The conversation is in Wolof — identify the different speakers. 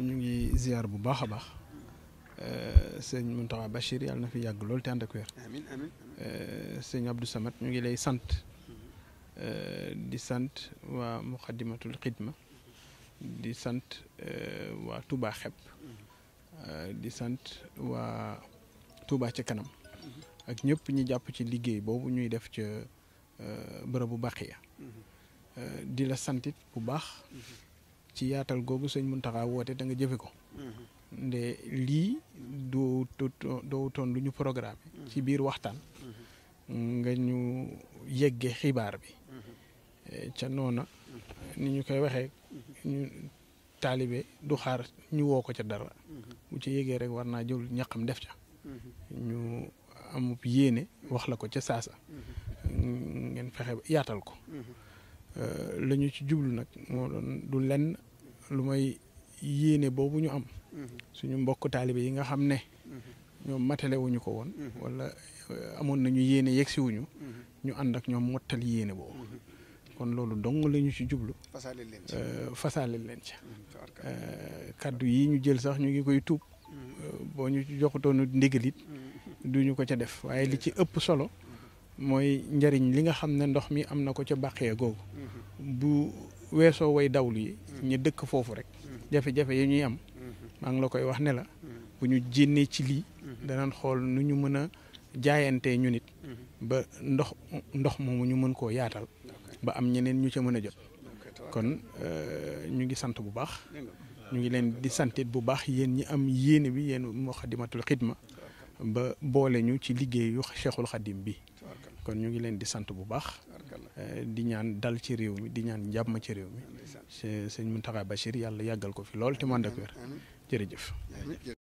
Speaker 1: ñu ngi ziar bu baax a baax euh, sëñ Mountakha Bachir yàlla na fi yàgg loolu te ànd ak weer amiin amiin euh, sëñ Samad ñu ngi lay sant euh, di sant waa Muqaddimatul Xidma di sant waa Touba Xepp di sant waa Touba ca kanam ak ñëpp ñi jàpp ci liggéey boobu ñuy def ca bërëbu Baqiya mm-hmm. di la santit bu baax mm-hmm. ci yaatal googu sëñ Muntaxa woote te nga jëfe ko mhm. nde lii doo dootoon lu ñu programme mhm. ci biir waxtaan mhm. nga ñu yegge xibaar bi e, ca noona ni ñu koy waxee ñu taalibe du xaar ñu woo ko ca dara bu ci yégee rek war naa jël ñaqam def ca ñu amub yéene wax la ko ca saasa ngeen fexe yaatal ko Euh, la ñu ci jublu nag moo doon du lenn lu may yéene boobu ñu am mm-hmm. suñu mbokk taalibe yi nga xam ne mm-hmm. ñoom matale wuñu ko woon mm-hmm. wala euh, amoon nañu yéene yegsi wuñu ñu ànd ak ñoom mottal yéene boobu kon loolu dong la ñu ci jublu fasaale leen ci euh, kaddu yi ñu jël sax ñu ngi koy tuub boo ñu ci joxutoonu ndigalit duñu ko ca def waaye li ci ëpp solo mooy njëriñ li nga xam ne ndox mi am na ko ca bàqee googu mm-hmm. bu weesoo way dawlu yi mm-hmm. ñu dëkk foofu rek mm-hmm. jafe-jafe yi ñuy am maa ngi la koy wax ne la bu ñu jénnee ci lii danañ xool nu ñu mën a jaayantee ñu nit ba ndox ndox moomu ñu mën koo yaatal ba am ñeneen ñu ca mën a jot kon euh, ñu ngi sant bu baax ñu ngi leen di santit bu baax yéen ñi am yéene bi yéen Moukhaddamatoul Khidma ba boole ñu ci liggéeyu Cheikhul Khadim bi kon ñu ngi leen di sant bu baax eh, di ñaan dal ci réew mi di ñaan jàmm ci réew mi sëñ Mountakha Bachir yàlla yàggal ko fi lool te mu ànd ak wér jërëjëf